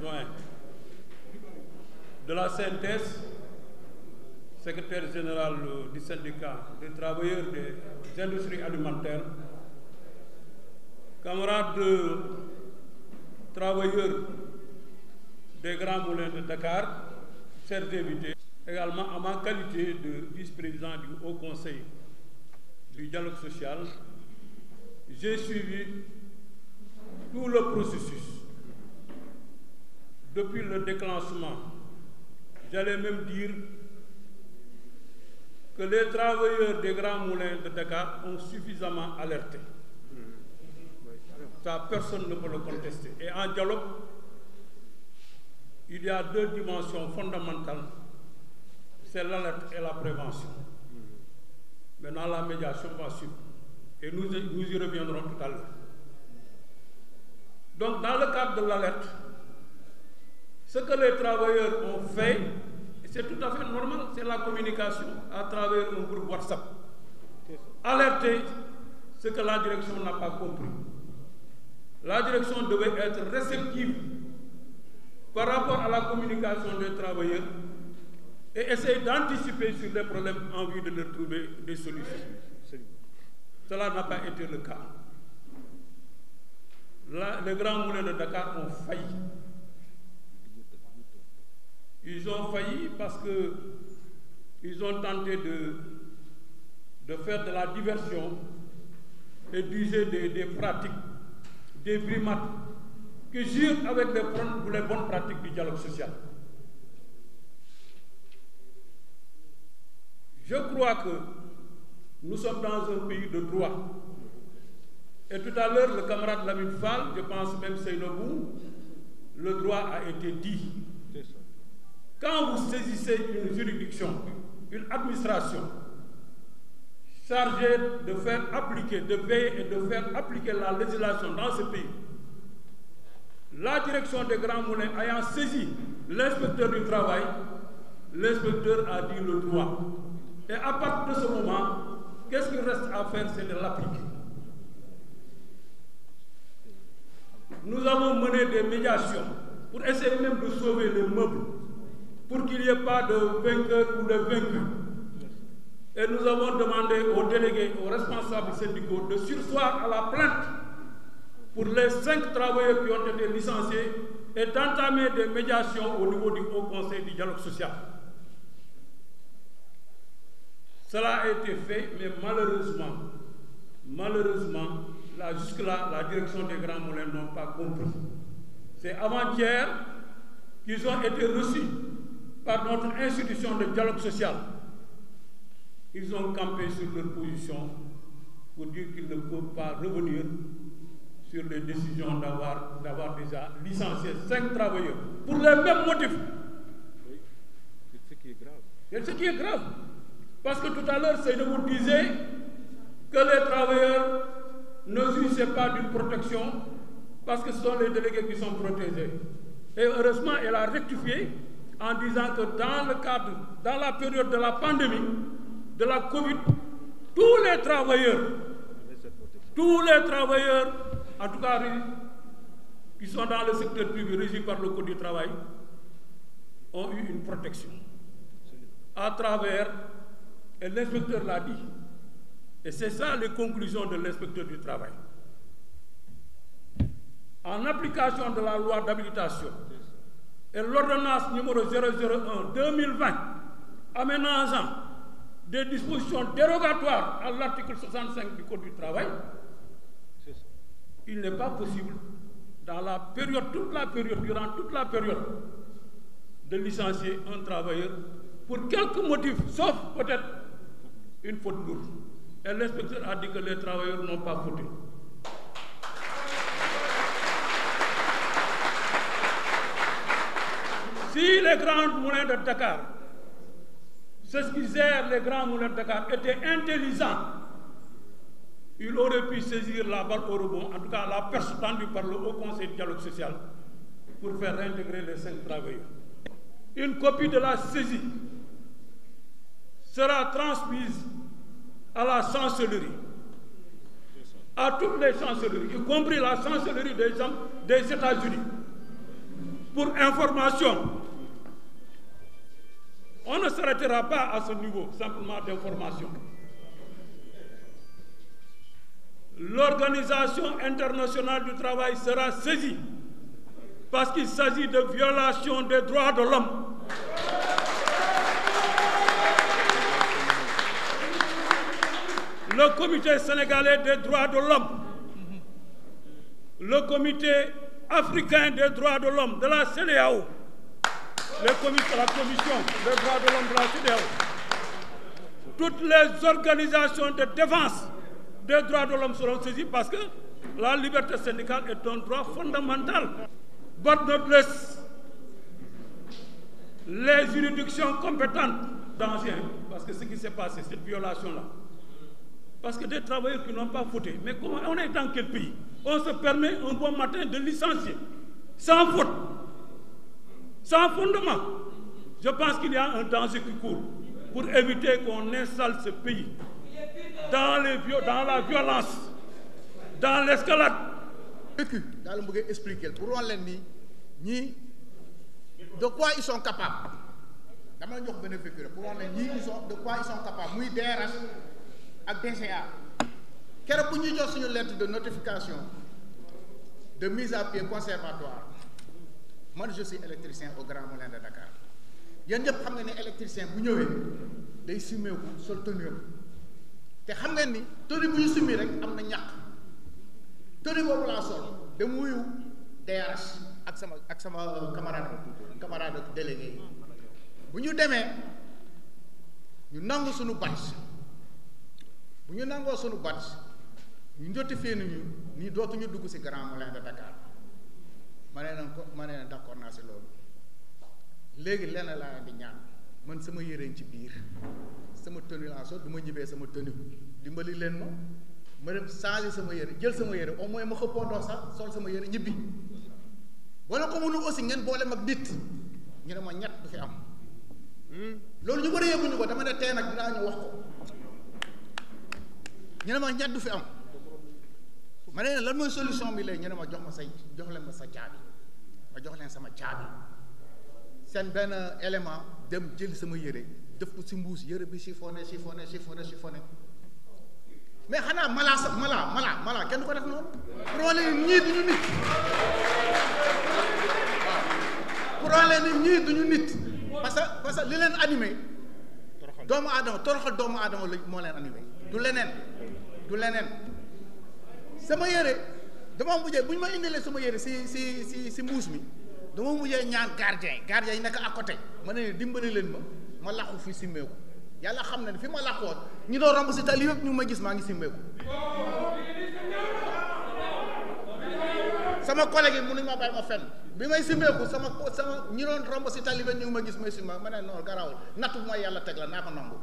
juin de la CNTS secrétaire général du syndicat des travailleurs des industries alimentaires camarades travailleurs des grands moulins de Dakar chers invités également à ma qualité de vice-président du Haut Conseil du dialogue social j'ai suivi tout le processus depuis le déclenchement. J'allais même dire que les travailleurs des grands moulins de Dakar ont suffisamment alerté. Ça, personne ne peut le contester. Et en dialogue, il y a deux dimensions fondamentales. C'est l'alerte et la prévention. Maintenant, la médiation va Et nous, y reviendrons tout Donc, dans le cadre de l'alerte, Ce que les travailleurs ont fait, c'est tout à fait normal, c'est la communication à travers un groupe WhatsApp. Alerter ce que la direction n'a pas compris. La direction devait être réceptive par rapport à la communication des travailleurs et essayer d'anticiper sur les problèmes en de leur trouver des solutions. Cela n'a pas été le cas. Là, les grands moulins de Dakar ont failli. Ils ont failli parce que ils ont tenté de, de faire de la diversion et d'user des, des pratiques, des primates, qui jurent avec les, bonnes pratiques du dialogue social. Je crois que nous sommes dans un pays de droit. Et tout à l'heure, le camarade Lamine Fall, je pense même Seynobou, le droit a été dit. quand vous saisissez une juridiction, une administration chargée de faire appliquer, de veiller et de faire appliquer la législation dans ce pays, la direction des Grands Moulins ayant saisi l'inspecteur du travail, l'inspecteur a dit le droit. Et à partir de ce moment, qu'est-ce qu'il reste à faire C'est de Nous avons mené des médiations pour essayer même de sauver les meubles pour qu'il n'y ait pas de vainqueur ou de vaincu. Et nous avons demandé aux délégués, aux responsables syndicaux de sursoir à la plainte pour les cinq travailleurs qui ont été licenciés et d'entamer des médiations au niveau du Haut Conseil du dialogue social. Cela a été fait, mais malheureusement, malheureusement, là, jusque-là, la direction des Grands Moulins n'ont pas compris. C'est avant-hier qu'ils ont été reçus par notre institution de dialogue social, ils ont campé sur leur position pour dire qu'ils ne peuvent pas revenir sur les décisions d'avoir d'avoir déjà licencié cinq travailleurs pour les mêmes motifs. Oui, ce qui est grave. C'est ce qui est grave. Parce que tout à l'heure, Seydou disait que les travailleurs ne jouissaient pas d'une protection parce que ce sont les délégués qui sont protégés. Et heureusement, elle a rectifié en disant que dans le cadre, dans la période de la pandémie, de la Covid, tous les travailleurs, tous les travailleurs, en tout cas qui sont dans le secteur privé régi par le Code du travail, ont eu une protection. À travers, et l'inspecteur l'a dit, et c'est ça les conclusions de l'inspecteur du travail. En application de la loi d'habilitation et l'ordonnance numéro 001 2020 aménageant des dispositions dérogatoires à l'article 65 du Code du travail, il n'est pas possible dans la période, toute la période, durant toute la période, de licencier un travailleur pour quelque motif, sauf peut-être une faute lourde. Et l'inspecteur a dit que les travailleurs n'ont pas fauté. Si les grands moulins de Dakar, ceux qui gèrent les grands moulins de Dakar, étaient intelligents, ils auraient pu saisir la balle au rebond, en tout cas la perche tendue par le Haut Conseil du dialogue social, pour faire réintégrer les cinq travailleurs. Une copie de la saisie sera transmise à la chancellerie, à toutes les chancelleries, y compris la chancellerie des, des États-Unis, pour information On ne s'arrêtera pas à ce niveau simplement d'information. L'Organisation internationale du travail sera saisie parce qu'il s'agit de violations des droits de l'homme. Le comité sénégalais des droits de l'homme, le comité africain des droits de l'homme de la CEDEAO les commissions, la commission des droits de de la CEDEAO, toutes les organisations de défense des droits de l'homme seront saisies parce que la liberté syndicale est un droit fondamental. But not les juridictions compétentes d'anciens, parce que ce qui s'est passé, cette violation-là, parce que des travailleurs qui n'ont pas voté, mais comment, on est dans quel pays On se permet un bon matin de licencier, sans faute. sans fondement. Je pense qu'il y a un danger qui court pour éviter qu'on installe ce pays dans les dans la violence dans l'escalade. vécu daa la bëggee expliquer pour wax leen ni ñii de quoi ils sont capables dama la jox benn pour wax leen ñii ils sont de quoi ils sont capables muy DRH ak DCA keroog bu ñuy jox suñu lettre de notification de mise à pied conservatoire. man je suis électricien au Grand Moulin de Dakar yéen ñëpp xam nga ni électricien bu ñëwee day summeeku sol tenue te xam ngeen ni tenue simmi ñu rek am na ñàkk tenue boobu laa sol da muyu DRH ak sama ak sama camarade camarade délégué bu ñu demee ñu nangu suñu badge bu ñu nangoo sunu badge ñu notifié nañu ni dootuñu dugg ci Grand Moulin de Dakar ma ne na ko ma ne na d'accord naa si loolu léegi lenn laa di ñaan man sama yëreñ ci biir sama tenue laa sol du ma ñibbee sama tenue dimbali leen ma ma dem changer sama yére jël sama yére au moins ma xëppoondoo sax sol sama yére ñibbi wala ko mënul aussi ngeen boole mag dit ñu ne ma ñett du fi am hmm? loolu ñu bëri yëguñu ko dama ne tey nag dinaa ñu wax ko ñu ne ma ñett du fi am ma ne lan mooy solution bi léegi ñu ma jox ma say jox leen ma sa caabi ma jox leen sama caabi seen benn élément dem jël sama yére def ko si mbuus yére bi si chiffonné chiffonné chiffonné mais xanaa malaa sax malaa malaa kenn du ko def noonu problème ñii duñu nit nit parce que parce que li leen animé doomu aadama toroxal doomu aadama la moo leen animé du leneen du leneen sama yére dama mujjee bu ñu ma indilee sama yére si si si si mbuus mi dama mujjee ñaan gardien gardien yi nekk à côté ma ne dimbali leen ma ma làqu fi simmeeku yàlla xam na ne fi ma làqoon ñu doon romb ñu ma gis maa ngi simmeeku sama collègue yi mënuñ ma bàyyi ma fenn bi may simmeeku sama sama ñi doon romb si tali ma gis ma ne noonu garawul natt bu may yàlla teg la naa ko nangu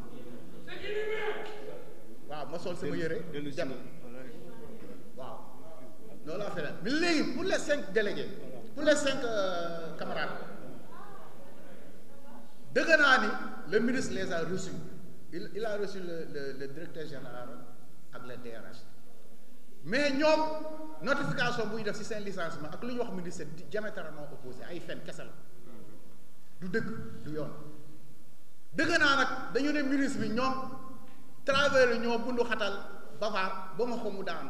waaw sol sama yére dem loolu affaire mais léegi pour les cinq délégués pour les cinq euh, dëgg naa ni le ministre les a reçus il il a reçu le le, le directeur général ak le DRH mais ñoom notification bu ñu def ci seen licenciement ak lu ñu wax ministre di diamétralement opposé ay fen kese la du dëgg du yoon dëgg naa nag dañu ne ministre bi ñoom travers ñoo bundu xatal bavaar ba ko mu daanu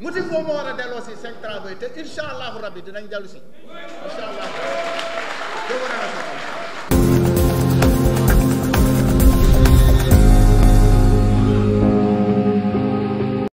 motif boobu moo war a delloo si cinq travaux yi te incha allahu rabbi dinañ dellu si incha allahu rabbi